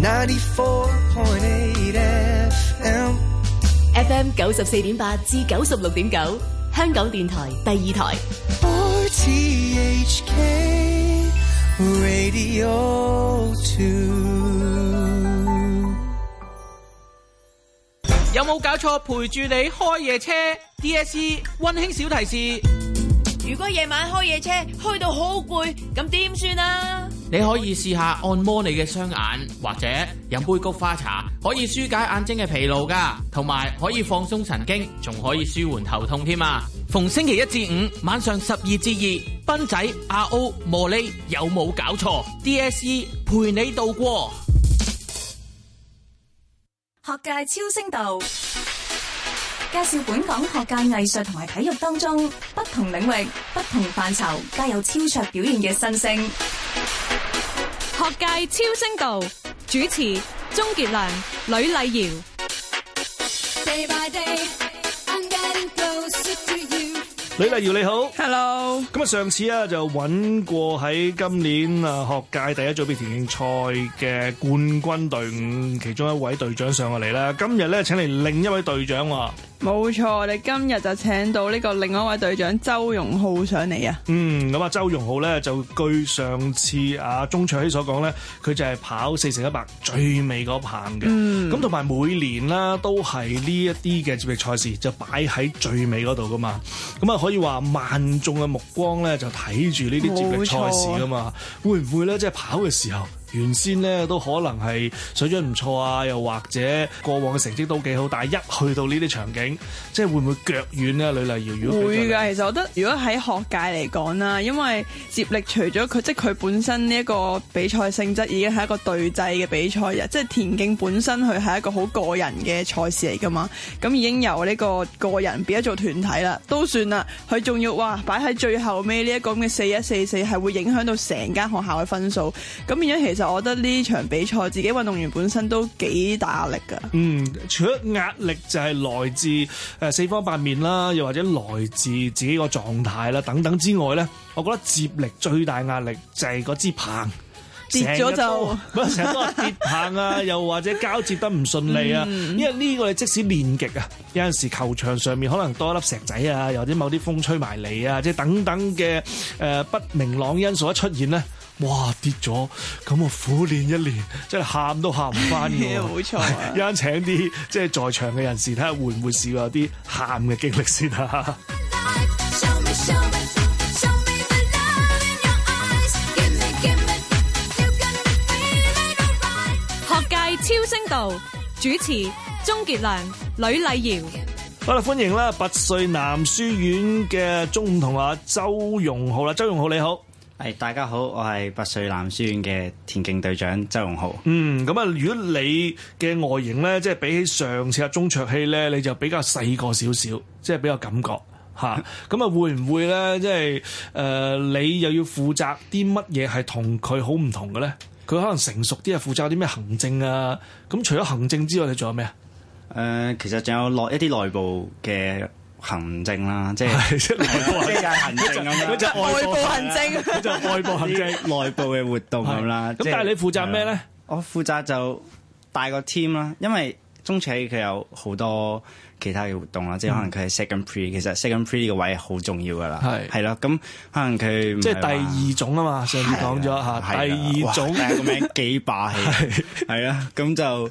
94.8 FM, FM 九十四點八至九十六點九，9, 香港電台第二台。RTHK Radio Two。有冇搞錯？陪住你開夜車？DSE 溫馨小提示：如果夜晚開夜車開到好攰，咁點算啊？你可以試下按摩你嘅雙眼，或者飲杯菊花茶，可以舒解眼睛嘅疲勞噶，同埋可以放鬆神經，仲可以舒緩頭痛添啊！逢星期一至五晚上十二至二，斌仔、阿歐、茉莉有冇搞錯？DSE 陪你度過，學界超聲道介紹本港學界、藝術同埋體育當中不同領域、不同範疇皆有超卓表現嘅新星。學界超聲道主持鍾傑良、呂麗瑤。呂麗瑤你好，Hello。咁啊，上次啊就揾過喺今年啊學界第一組別田徑賽嘅冠軍隊伍其中一位隊長上過嚟啦。今日咧，請嚟另一位隊長喎。冇錯，我哋今日就請到呢個另外一位隊長周鎔浩上嚟啊！嗯，咁啊，周鎔浩咧就據上次啊鍾卓熙所講咧，佢就係跑四乘一百最尾嗰棒嘅，咁同埋每年啦都係呢一啲嘅接力賽事就擺喺最尾嗰度噶嘛，咁啊可以話萬眾嘅目光咧就睇住呢啲接力賽事噶嘛，冇錯。會唔會咧即係跑嘅時候？原先咧都可能係水準唔錯啊，又或者過往嘅成績都幾好，但係一去到呢啲場景，即係會唔會腳軟咧，呂麗瑤？會㗎，其實我覺得，如果喺學界嚟講啦，因為接力除咗佢，即係佢本身呢一個比賽性質已經係一個對制嘅比賽嘅，即係田徑本身佢係一個好個人嘅賽事嚟㗎嘛，咁已經由呢個個人變咗做團體啦，都算啦。佢仲要哇，擺喺最後尾呢一個咁嘅四一四四係會影響到成間學校嘅分數，咁變咗其實。我覺得呢場比賽自己運動員本身都幾大壓力噶。嗯，除咗壓力就係來自誒、呃、四方八面啦，又或者來自自己個狀態啦等等之外咧，我覺得接力最大壓力就係嗰支棒跌咗就，成日都話跌棒啊， 又或者交接得唔順利啊。嗯、因為呢個你即使練極啊，有陣時球場上面可能多一粒石仔啊，又或者某啲風吹埋嚟啊，即係等等嘅誒不明朗因素一出現咧。哇！跌咗咁我苦練一年，真係喊都喊唔翻嘅，冇錯。一陣請啲即係在場嘅人士睇下，看看會唔會 試過有啲喊嘅經歷先啊！學界超聲道主持鍾傑良、呂麗瑤，好啦，歡迎啦，拔萃男書院嘅中午同學周鎔浩啦，周鎔浩，周浩你好。誒，大家好，我係拔萃男書院嘅田徑隊長周鎔浩。嗯，咁啊，如果你嘅外形咧，即係比起上次阿鐘卓希咧，你就比較細個少少，即係比較感覺吓。咁 啊，會唔會咧，即係誒、呃，你又要負責啲乜嘢係同佢好唔同嘅咧？佢可能成熟啲啊，負責啲咩行政啊？咁除咗行政之外，你仲有咩啊？誒、呃，其實仲有內一啲內部嘅。行政啦，即係即係內部行政咁，佢就外部行政，佢就外部行政，內部嘅活動咁啦。咁但係你負責咩咧？我負責就帶個 team 啦，因為中且佢有好多其他嘅活動啦，即係可能佢係 second pre，其實 second pre 嘅位好重要噶啦，係係咯。咁可能佢即係第二種啊嘛，上次講咗嚇，第二種個名幾霸氣，係啊。咁就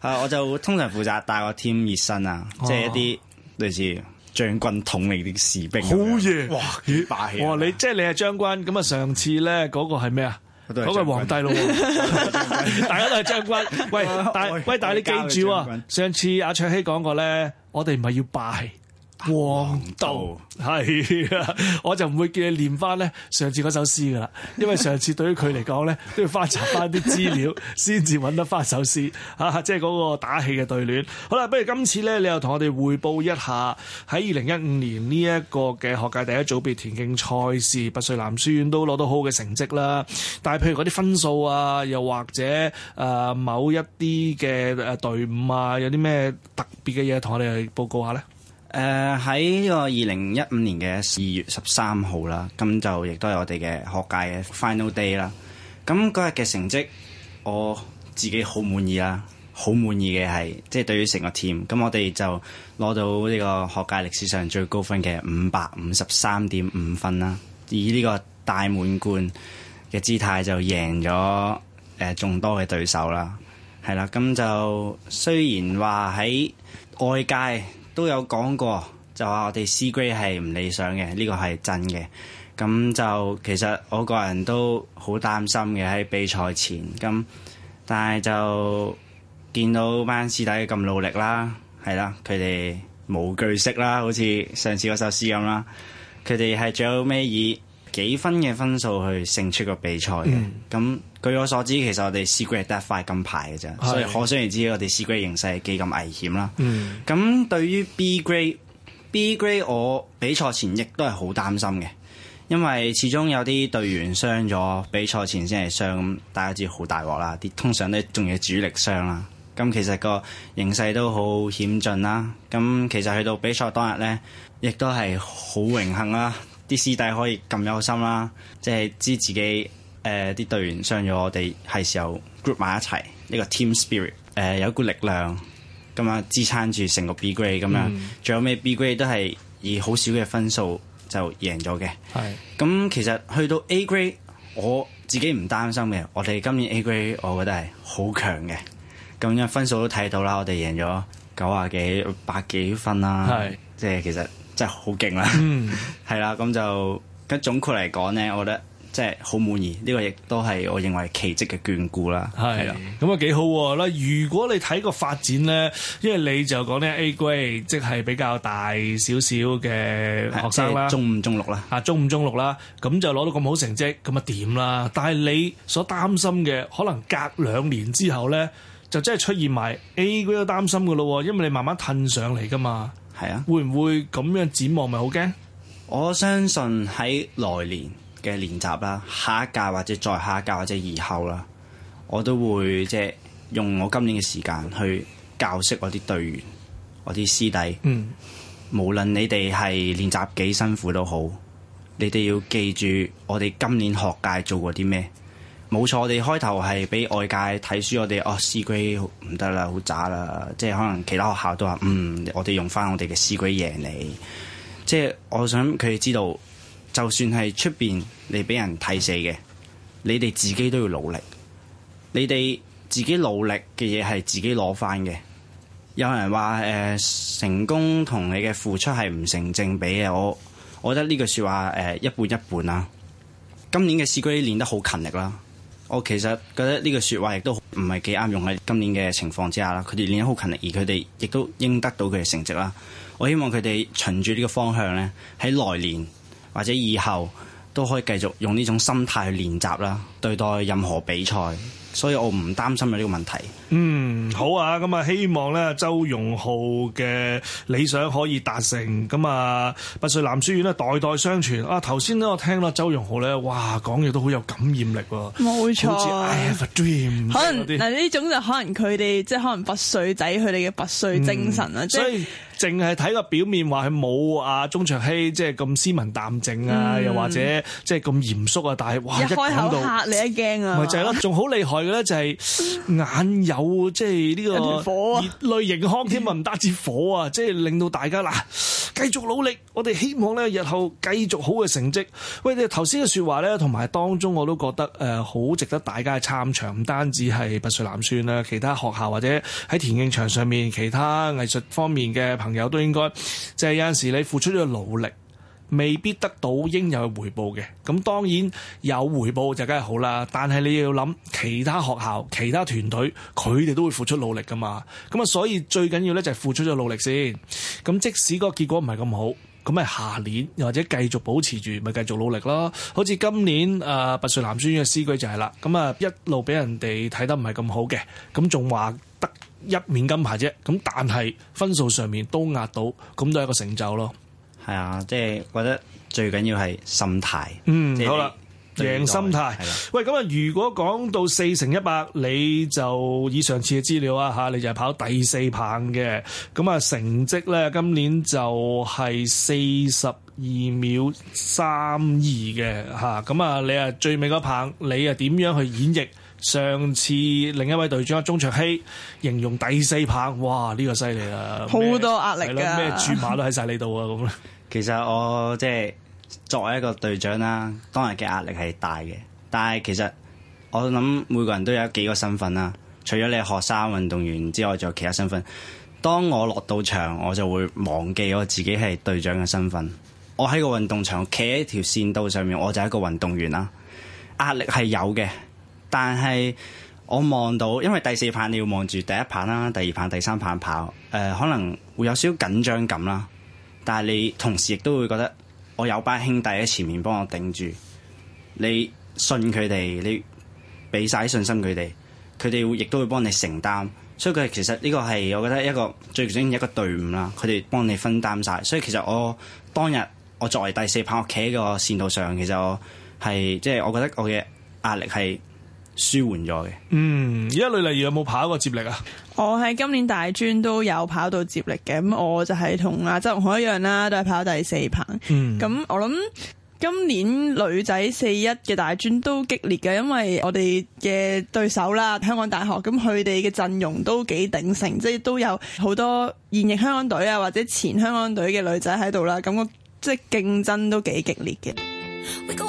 啊，我就通常負責帶個 team 熱身啊，即係一啲類似。將軍統你啲士兵，好嘢！哇，幾霸氣！我你即係你係將軍咁啊！上次咧嗰個係咩啊？嗰個皇帝咯，大家都係將軍。喂，但係喂，但係你記住啊！上次阿卓熙講過咧，我哋唔係要霸氣。黃道係，的 我就唔會叫你念翻咧上次嗰首詩噶啦，因為上次對於佢嚟講咧都要翻查翻啲資料先至揾得翻首詩啊，即係嗰個打氣嘅對聯。好啦，不如今次咧，你又同我哋匯報一下喺二零一五年呢一個嘅學界第一組別田徑賽事，拔萃男書院都攞到好嘅成績啦。但係譬如嗰啲分數啊，又或者誒、呃、某一啲嘅誒隊伍啊，有啲咩特別嘅嘢同我哋去報告下咧？誒喺呢個二零一五年嘅二月十三號啦，咁就亦都有我哋嘅學界嘅 final day 啦。咁嗰日嘅成績，我自己好滿意啦，好滿意嘅係即係對於成個 team。咁我哋就攞到呢個學界歷史上最高分嘅五百五十三點五分啦，以呢個大滿貫嘅姿態就贏咗誒眾多嘅對手啦。係啦，咁就雖然話喺外界都有講過，就話我哋 C grade 係唔理想嘅，呢個係真嘅。咁就其實我個人都好擔心嘅喺比賽前。咁但係就見到班師弟咁努力啦，係啦，佢哋無懼色啦，好似上次嗰首詩咁啦。佢哋係最後尾二，幾分嘅分數去勝出個比賽嘅，咁、嗯、據我所知，其實我哋 C grade 得一塊金牌嘅啫，是所以可想而知我哋 C、嗯、grade 形勢係幾咁危險啦。咁對於 B grade，B grade 我比賽前亦都係好擔心嘅，因為始終有啲隊員傷咗，比賽前先係傷，大家知好大鑊啦。啲通常都仲要主力傷啦，咁其實個形勢都好險峻啦。咁其實去到比賽當日呢，亦都係好榮幸啦。 啲師弟可以咁有心啦，即係知自己誒啲、呃、隊員傷咗，我哋係時候 group 埋一齊，呢、呢個 team spirit 誒、呃、有一股力量咁啊支撐住成個 B grade 咁樣，仲、嗯、有咩 B grade 都係以好少嘅分數就贏咗嘅。係咁，其實去到 A grade 我自己唔擔心嘅，我哋今年 A grade 我覺得係好強嘅。咁樣分數都睇到啦，我哋贏咗九啊幾百幾分啊，是 即係其實。真係好勁啦，係啦，咁就咁總括嚟講咧，我覺得即係好滿意，呢個亦都係我認為奇蹟嘅眷顧啦，係啦，咁啊幾好啦。如果你睇個發展咧，因為你就講咧 A grade 即係比較大少少嘅學生啦，就是、中五中六啦，啊中五中六啦，咁就攞到咁好成績，咁啊點啦？但係你所擔心嘅，可能隔兩年之後咧，就真係出現埋 A grade，擔心噶咯、啊，因為你慢慢褪上嚟噶嘛。係啊，會唔會咁樣展望咪好驚？我相信喺來年嘅練習啦，下一屆或者再下一屆或者以後啦，我都會即係用我今年嘅時間去教識我啲隊員，我啲師弟。嗯，無論你哋係練習幾辛苦都好，你哋要記住我哋今年學界做過啲咩。冇錯，我哋開頭係俾外界睇輸，我哋哦，C grade 唔得啦，好渣啦。即係可能其他學校都話嗯，我哋用翻我哋嘅 C grade 贏你。即係我想佢哋知道，就算係出邊你俾人睇死嘅，你哋自己都要努力。你哋自己努力嘅嘢係自己攞翻嘅。有人話誒、呃、成功同你嘅付出係唔成正比嘅。我我覺得呢句説話誒、呃、一半一半啦、啊。今年嘅 C grade 練得好勤力啦、啊。我其實覺得呢句説話亦都唔係幾啱用喺今年嘅情況之下啦。佢哋練得好勤力，而佢哋亦都應得到佢哋嘅成績。我希望佢哋循住呢個方向咧，喺來年或者以後，都可以繼續用呢種心態去練習啦，對待任何比賽，所以我唔擔心有呢個問題。嗯，好啊，咁啊，希望咧周鎔浩嘅理想可以達成，咁啊拔萃男書院咧代代相傳啊！頭先咧我聽啦，周鎔浩咧，哇講嘢都好有感染力喎、啊，冇錯。好似 I have a dream。可能嗱呢種就可能佢哋即係可能拔萃仔佢哋嘅拔萃精神啦，即係、嗯。就是淨係睇個表面話佢冇啊，鍾祥希即係咁斯文淡靜啊，嗯、又或者即係咁嚴肅啊，但係哇一開口嚇你一驚啊！咪就係咯，仲好厲害嘅咧就係眼有即係呢個熱淚盈眶添啊，唔單止火啊，即、就、係、是、令到大家嗱。繼續努力，我哋希望咧日後繼續好嘅成績。喂，你頭先嘅說話咧，同埋當中我都覺得誒，好、呃、值得大家係參詳，唔單止係拔萃男算啦，其他學校或者喺田徑場上面，其他藝術方面嘅朋友都應該，就係、是、有陣時你付出咗努力，未必得到應有嘅回報嘅，咁當然有回報就梗係好啦。但係你要諗其他學校、其他團隊，佢哋都會付出努力㗎嘛。咁啊，所以最緊要呢就係付出咗努力先。咁即使個結果唔係咁好，咁咪下年又或者繼續保持住咪繼續努力咯。好似今年誒、呃、拔萃男書院嘅詩句就係啦，咁啊一路俾人哋睇得唔係咁好嘅，咁仲話得一面金牌啫。咁但係分數上面都壓到，咁都係一個成就咯。係啊，即係、嗯、覺得最緊要係心態。嗯，是好啦的，贏心態。吧喂，咁啊，如果講到四乘一百，你就以上次嘅資料啊吓，你就係跑第四棒嘅。咁啊，成績呢今年就係四十二秒三二嘅吓。咁啊，你啊最尾嗰棒，你啊點樣去演繹？上次另一位隊長鍾卓希形容第四棒，哇！呢、這個犀利啦，好麼多壓力咩注碼都喺晒你度啊！咁 其實我即係、就是、作為一個隊長啦，當日嘅壓力係大嘅。但係其實我諗每個人都有幾個身份啦，除咗你係學生、運動員之外，仲有其他身份。當我落到場，我就會忘記我自己係隊長嘅身份。我喺個運動場企喺條線道上面，我就係一個運動員啦。壓力係有嘅。但係我望到，因為第四棒你要望住第一棒啦，第二棒、第三棒跑，誒、呃，可能會有少少緊張感啦。但係你同時亦都會覺得我有班兄弟喺前面幫我頂住，你信佢哋，你俾晒信心佢哋，佢哋會亦都會幫你承擔。所以佢其實呢個係我覺得一個最，最重要一個隊伍啦，佢哋幫你分擔晒。所以其實我當日我作為第四棒，我企喺個線路上，其實我係即係我覺得我嘅壓力係。舒緩咗嘅。嗯，而家女例如有冇跑過接力啊？我喺今年大專都有跑到接力嘅，咁我就係同阿周鎔一樣啦，都係跑第四棒。咁、嗯、我諗今年女仔四一嘅大專都激烈嘅，因為我哋嘅對手啦，香港大學，咁佢哋嘅陣容都幾鼎盛，即、就、係、是、都有好多現役香港隊啊或者前香港隊嘅女仔喺度啦，咁我即係競爭都幾激烈嘅。We go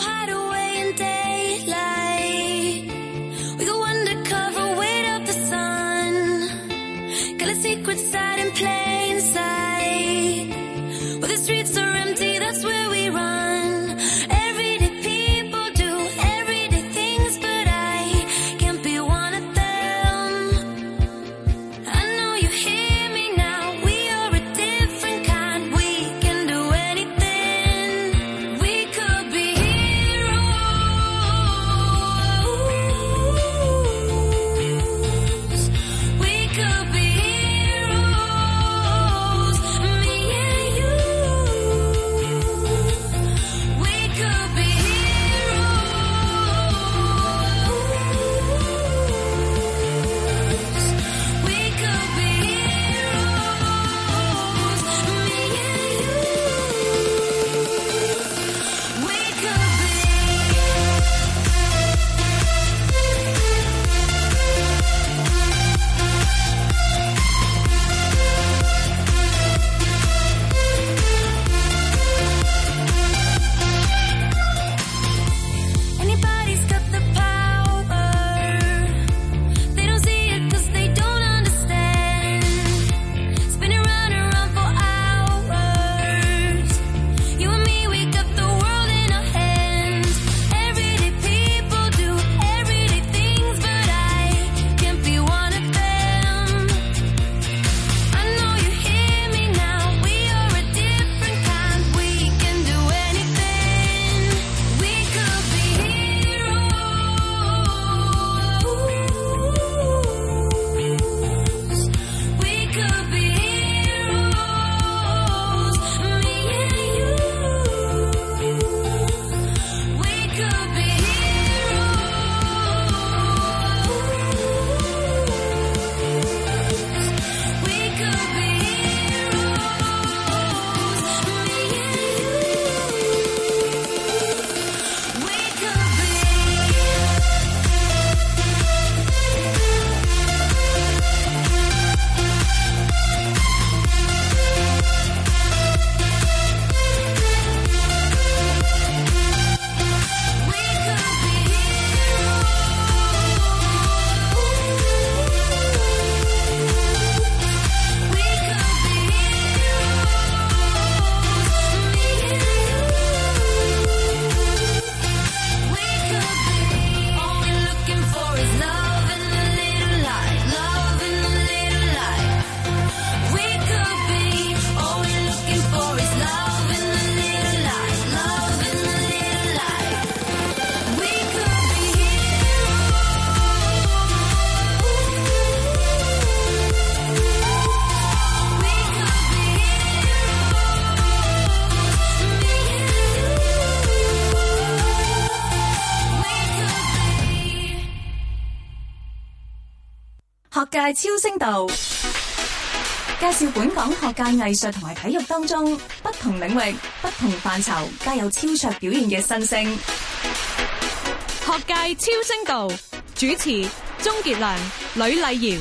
超聲道介紹本港學界、藝術同埋體育當中不同領域、不同範疇皆有超卓表現嘅新星。學界超聲道主持：鍾傑良、呂麗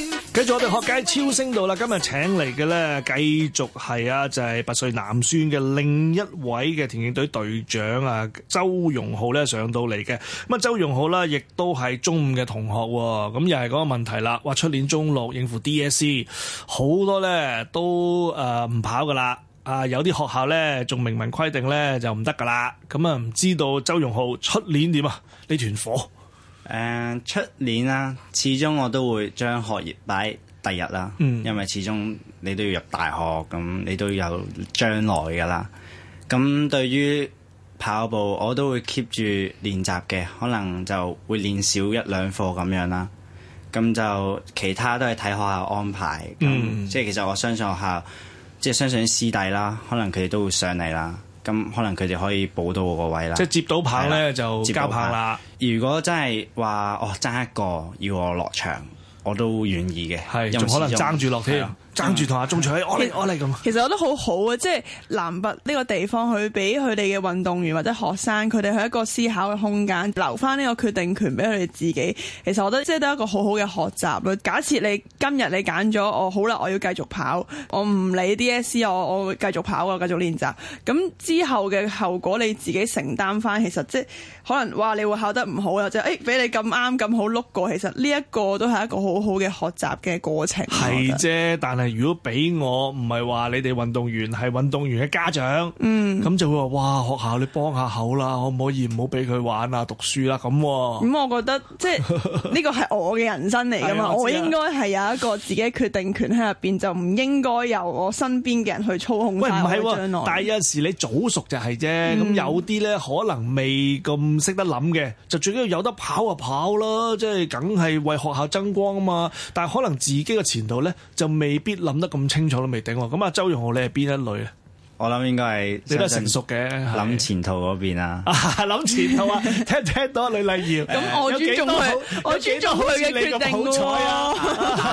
瑤。跟住我哋學界超新星啦，今日請嚟嘅咧，繼續係啊就係、是、拔萃男書院嘅另一位嘅田徑隊隊長啊，周鎔浩咧上到嚟嘅。咁啊，周鎔浩啦，亦都係中五嘅同學，咁、哦、又係嗰個問題啦。話，出年中六應付 DSC，好多咧都誒唔、呃、跑噶啦。啊，有啲學校咧仲明文規定咧就唔得噶啦。咁、嗯、啊，唔知道周鎔浩出年點啊？呢團火。誒出、uh, 年啦，始終我都會將學業擺第日啦，嗯、因為始終你都要入大學，咁你都有將來噶啦。咁對於跑步，我都會 keep 住練習嘅，可能就會練少一兩課咁樣啦。咁就其他都係睇學校安排，嗯、即係其實我相信學校，即係相信師弟啦，可能佢哋都會上嚟啦。咁、嗯、可能佢哋可以補到我個位啦，即係接到棒咧的就交棒啦。如果真係話哦爭一個要我落場，我都願意嘅，仲是可能爭住落添。爭住同阿鐘楚安我嚟我嚟咁。其實我覺得好好啊，即係男拔呢個地方，佢俾佢哋嘅運動員或者學生，佢哋去一個思考嘅空間留翻，呢個決定權俾佢哋自己。其實我覺得即係都一個好好嘅學習咯。假設你今日你揀咗我好啦，我要繼續跑，我唔理 D S C，我我會繼續跑啊繼續練習，咁之後嘅後果你自己承擔翻。其實即係可能哇，你會考得唔好啊，即係誒俾你咁啱咁好碌過，其實呢一個都係一個好好嘅學習嘅過程。係啫的，但。如果俾我唔係話你哋運動員係運動員嘅家長，咁、嗯、就會話哇學校你幫下口啦，可唔可以唔好俾佢玩啦、啊、讀書啦、啊、咁？咁、啊嗯、我覺得即係呢個係我嘅人生嚟噶嘛，我，我應該係有一個自己決定權喺入邊，就唔應該由我身邊嘅人去操控。喂，唔係喎，但係有陣時你早熟就係、是、啫，咁、嗯、有啲咧可能未咁識得諗嘅，就最緊要有得跑就跑啦，即係梗係為學校爭光啊嘛。但係可能自己嘅前途咧就未必。諗得咁清楚都未頂，咁啊，周鎔浩你係邊一類咧？我諗應該係你都成熟嘅，諗前途嗰邊啊，諗前途啊，聽唔聽到呂麗瑤？咁我尊重我尊重佢嘅決定啊！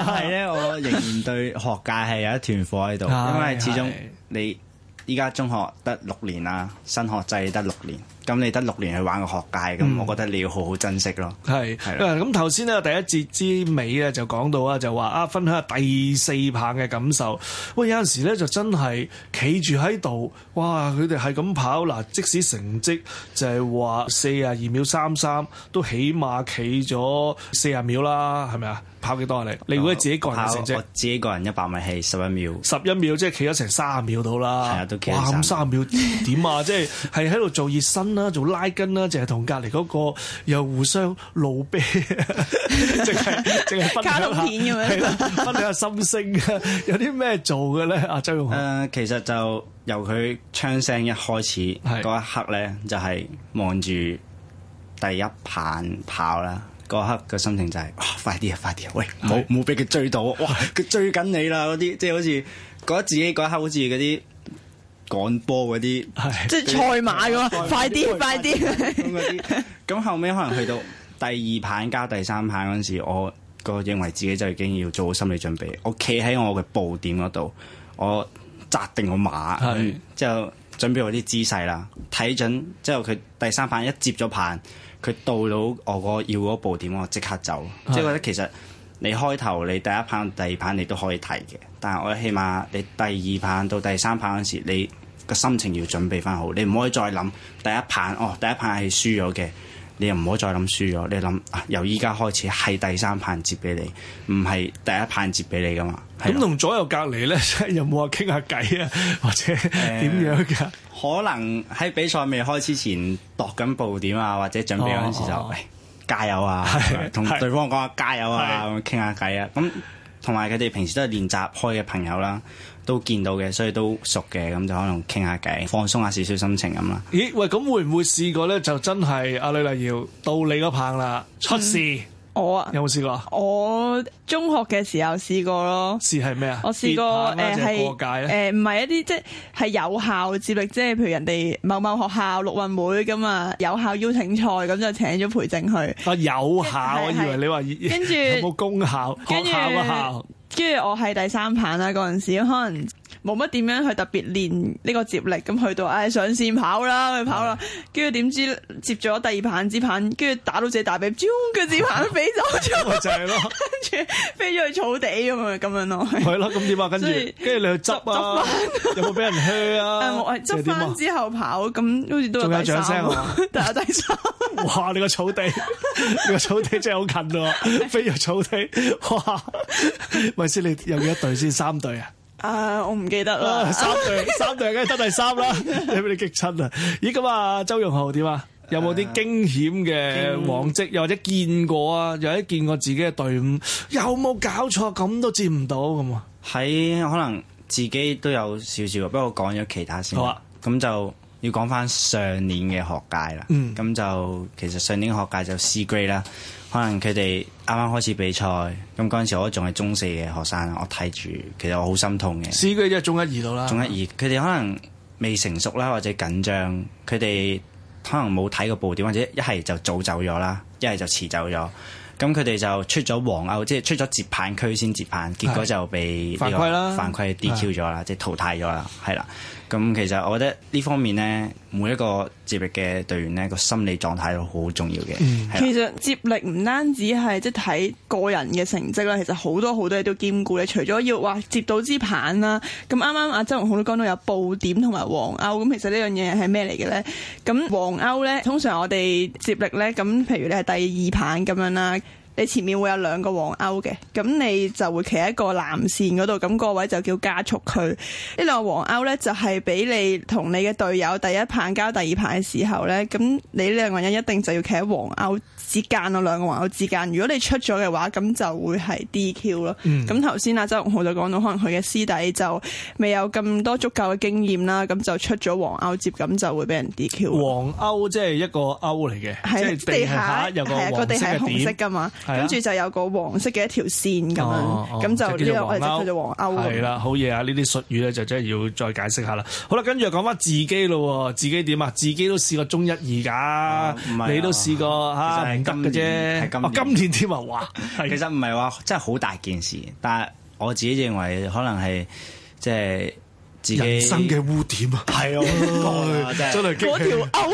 係咧，我仍然對學界係有一團火喺度，因為始終你依家中學得六年啊，新學制得六年。咁你得六年去玩個學界，咁、嗯、我覺得你要好好珍惜咯。係係是。咁頭先咧，第一節之尾啊，就講到啊，就話啊，分享下第四棒嘅感受。喂，有陣時咧就真係企住喺度，哇！佢哋係咁跑嗱、啊，即使成績就係話四啊二秒三三，都起碼企咗四十秒啦，係咪啊？跑幾多啊？我你你如果自己個人成績，我我自己個人一百米係十一秒，十一秒即係企咗成三十秒到啦。係啊，都企三十秒點啊？即係係喺度做熱身啦，做拉筋啦，淨係同隔離嗰個又互相露背，淨係淨係分享下心聲 有啲咩做嘅咧？阿、啊、周鎔浩誒，其實就由佢槍聲一開始嗰的一刻咧，就係望住第一棒跑啦。嗰刻個心情就係、是，快啲啊，快啲啊，喂，冇冇俾佢追到哇，佢追緊你啦，嗰啲即係好似覺得自己嗰刻好似嗰啲趕波嗰啲即係賽馬咁、啊、快啲點快啲咁 後尾可能去到第二棒加第三棒嗰陣時，我個認為自己就已經要做好心理準備。我企喺我嘅步點嗰度，我扎定個馬是的、嗯，之後準備我啲姿勢啦，睇準之後佢第三棒一接咗棒。佢到到我個要嗰步點，我是即刻走。即係覺得其實你開頭你第一棒，第二棒你都可以睇嘅，但係我起碼你第二棒到第三棒嗰時，你個心情要準備翻好，你唔可以再諗第一棒哦，第一棒係輸咗嘅。你又唔好再諗輸咗，你諗、啊、由依家開始係第三棒接俾你，唔係第一棒接俾你噶嘛？咁同、嗯、的左右隔離咧， 有冇話傾下偈啊？或者點、嗯、樣嘅？可能喺比賽未開始前，度緊步點啊，或者準備嗰陣時就、哦哦哎、加油啊，同的的對方講下的加油啊，咁傾下偈啊，咁。同埋佢哋平時都係練習開嘅朋友啦，都見到嘅，所以都熟嘅，咁就可能傾下偈，放鬆下少少心情咁啦。咦，喂，咁會唔會試過咧？就真係阿呂麗瑤到你個棒啦，出事！嗯我啊，有冇試過啊？我中學嘅時候試過咯。試係咩啊？我試過誒，係誒，唔係、呃、一啲即係有效接力，即係譬如人哋某某學校陸運會咁啊，有效邀請賽咁就請咗培正去。啊，有效，我以為你話跟住有冇功效？跟住啊，有效。跟住我係第三棒啦，嗰陣時可能。冇乜點樣去特別練呢個接力，咁去到，誒上線跑啦，去跑啦，跟住點知接咗第二棒子棒，跟住打到自己大髀 j o o 個子棒飛走咗，就咯，啊，跟住飛咗去草地咁樣咁樣咯，係啦，咁點啊？跟住跟住你去執啊？有冇俾人靴啊？執翻， 之後跑，咁好似都係第三。仲有，有掌聲啊！得啊，第三。 哇！你個草， 草地，你個草地真係好近咯，啊，飛入草地。哇！咪先，你有幾一隊先？三隊啊？啊！我唔記得啦，啊，三隊 三隊梗係得第三啦， 你俾你激親啦！咦咁啊，周鎔浩點啊？有冇啲驚險嘅往迹，或者見過啊？又或者見過自己嘅隊伍有冇搞錯？咁都接唔到咁啊？喺，可能自己都有少少，不過講咗其他先。好啊，咁就。要講翻上年嘅學界啦，咁就、嗯、其實上年學界就 C grade 啦，可能佢哋啱啱開始比賽，咁嗰陣時我仲係中四嘅學生，我睇住其實我好心痛嘅。C grade 即係中一二度啦。中一二，佢哋可能未成熟啦，或者緊張，佢哋可能冇睇個步點，或者一係就早走咗啦，一係就遲走咗。咁佢哋就出咗黃歐，即係出咗接棒區先接棒，結果就被犯規啦，犯規 DQ 咗啦，的即係淘汰咗啦，係啦。咁其實我覺得呢方面呢，每一個接力嘅隊員呢個心理狀態都好重要嘅。嗯、的其實接力唔單止係即係睇個人嘅成績啦，其實好多好多嘢都兼顧咧。除咗要話接到支棒啦，咁啱啱阿周鎔浩都講到有報點同埋黃歐，咁其實呢樣嘢係咩嚟嘅咧？咁黃歐咧，通常我哋接力咧，咁譬如你係第二棒咁樣啦。你前面會有兩個黃鈎嘅，咁你就會企喺一個藍線嗰度，咁、那個位就叫加速區。呢兩個黃鈎呢，就係俾你同你嘅隊友第一棒交第二棒嘅時候呢。咁你呢兩個人一定就要企喺黃鈎之間咯，兩個黃鈎之間。如果你出咗嘅話，咁就會係 DQ 咯。咁頭先阿周鎔浩就講到，可能佢嘅師弟就未有咁多足夠嘅經驗啦，咁就出咗黃鈎接，咁就會俾人 DQ。黃鈎即係一個鈎嚟嘅，啊、即係地，地下有個黃色、啊、地紅色嘅嘛。跟住就有個黃色嘅一條線咁樣，咁、哦哦、那就呢個我哋就叫做黃歐。係啦，好嘢啊！呢啲樣術語咧就真係要再解釋下啦。好啦，跟住又講翻自己咯，自己點啊？自己都試過中一二㗎，唔係啊、你都試過嚇，唔得嘅啫。啊、哦，今年添啊，哇！ 其實唔係話真係好大件事，但係我自己認為可能係即係。就是自己生嘅污點啊，係啊，真係嗰條鈎，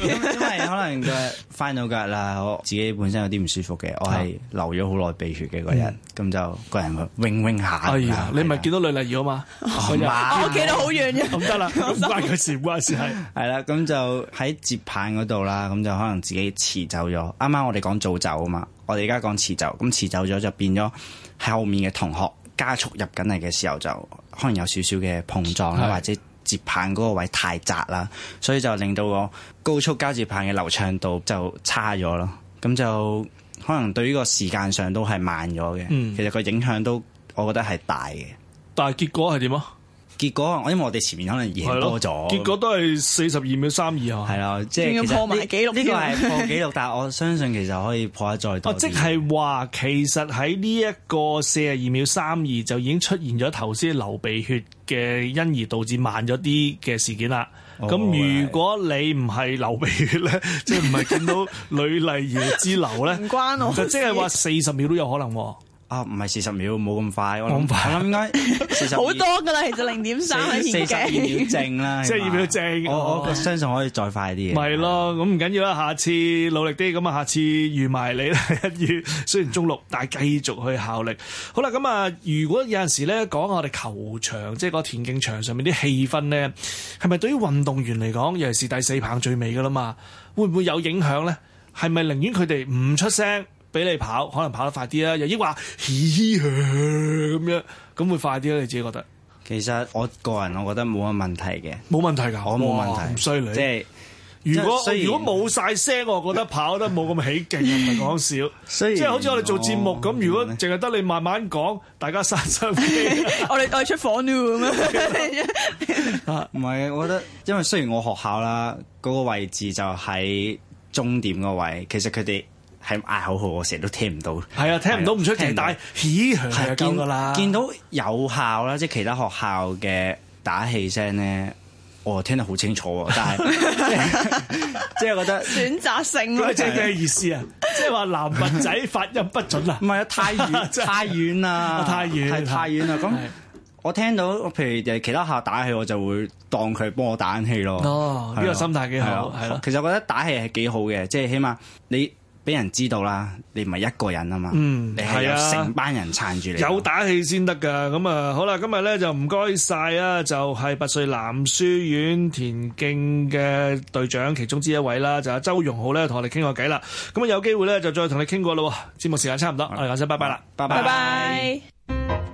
因為可能個翻到腳啦，我自己本身有啲唔舒服嘅，我係流咗好耐鼻血嘅個人，咁就個人永永下。哎呀，你唔係見到女麗如啊嘛？我見到好遠嘅，咁得啦，唔關佢事，唔關事係。係啦，咁就喺接棒嗰度啦，咁就可能自己辭走咗。啱啱我哋講早走啊嘛，我哋而家講辭走，咁辭走咗就變咗後面嘅同學。加速入緊嚟嘅時候，就可能有少少嘅碰撞啦，是或者接棒嗰個位太窄啦，所以就令到個高速交接棒嘅流暢度就差咗咯。咁就可能對於個時間上都係慢咗嘅。其實個影響都我覺得係大嘅。嗯、但係結果係點啊？結果，因為我哋前面可能贏多咗，結果都係四十二秒三二啊！係啦，即係破埋紀錄。呢個係破紀錄， 但係我相信其實可以破得再多一。哦，即係話其實喺呢一個四十二秒三二就已經出現咗頭先流鼻血嘅因而導致慢咗啲嘅事件啦。咁、哦、如果你唔係流鼻血咧，即係唔係見到呂麗瑤之流咧， 唔關我就即係話四十秒都有可能。啊，唔係四十秒，冇咁快，快我諗想， 我諗應該四十，好多噶啦，其實零點三四二秒正啦，即係一秒正。我我、oh, okay. 相信可以再快啲唔係咯，咁唔緊要啦，下次努力啲，咁啊，下次預埋你啦，一 於雖然中六，但係繼續去效力。好啦，咁啊，如果有陣時咧講我哋球場，即係個田徑場上面啲氣氛咧，係咪對於運動員嚟講，尤其是第四棒最尾噶啦嘛，會唔會有影響咧？係咪寧願佢哋唔出聲？俾你跑，可能跑得快啲啦，又抑或嘻嘻咁樣，咁會快啲咧？你自己覺得？其實我個人我覺得冇乜問題嘅，冇問題噶，我冇問題，唔需理。即係如果如果冇晒聲，我覺得跑得冇咁起勁，唔係講笑。即係好似我哋做節目咁，如果淨係得你慢慢講，大家散手我哋帶出火了咁啊！唔係我覺得，因為雖然我學校啦嗰個位置就喺終點個位，其實佢哋。係嗌口號，我成日都聽唔到。係啊，聽唔到唔出奇。但係，咦，係啊，見噶啦。見到有效啦，即係其他學校嘅打氣聲咧，我聽得好清楚。但係，即係覺得選擇性。咁啊，即係咩意思啊？即係話男仔發音不準啊？唔係啊，太遠，太遠啦，太遠，太遠啦。咁我聽到，譬如其他學校打氣，我就會當佢幫我打氣咯。呢個心態幾好，係其實我覺得打氣係幾好嘅，即係起碼你。俾人知道啦，你唔係一個人啊嘛，嗯、你係有成班人撐住你，啊，有打氣先得噶。咁啊，嗯，好啦，今日咧就唔該晒啊，就係拔萃男書院田徑嘅隊長其中之一位啦，就阿、是、周鎔浩咧同我哋傾過偈啦。咁啊，有機會咧就再同你傾過咯。節目時間差唔多，吧我哋講聲，拜拜啦，拜拜。Bye bye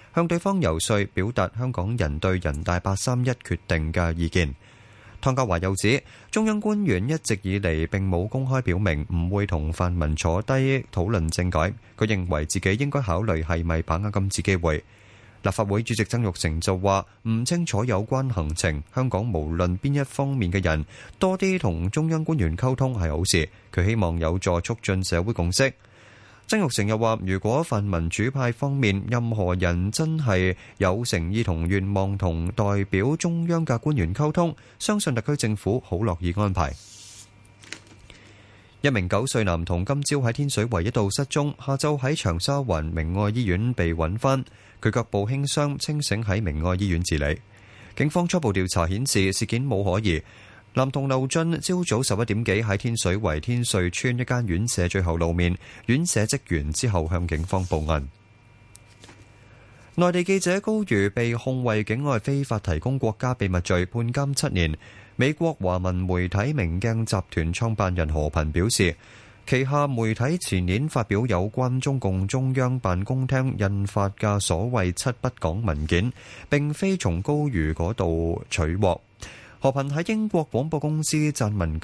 向對方遊說，表達香港人對人大八三一決定嘅意見。湯家驊又指，中央官員一直以嚟並冇公開表明唔會同泛民坐低討論政改。佢認為自己應該考慮係咪把握今次機會。立法會主席曾鈺成就話：唔清楚有關行程。香港無論邊一方面嘅人，多啲同中央官員溝通係好事。佢希望有助促進社會共識。曾玉成又話：如果泛民主派方面任何人真係有誠意同願望同代表中央嘅官員溝通，相信特區政府好樂意安排。一名九歲男童今朝喺天水圍一度失蹤，下晝喺長沙灣明愛醫院被揾返，佢腳部輕傷，清醒喺明愛醫院治理。警方初步調查顯示事件冇可疑。南同劉俊朝早十一點幾喺天水圍天瑞邨一間院舍最後露面，院舍職員之後向警方報案。內地記者高瑜被控為境外非法提供國家秘密罪，判監七年。美國華文媒體明鏡集團創辦人何頻表示，旗下媒體前年發表有關中共中央辦公廳印發嘅所謂七不講文件，並非從高瑜嗰度取獲。何鵬喺英國廣播公司撰文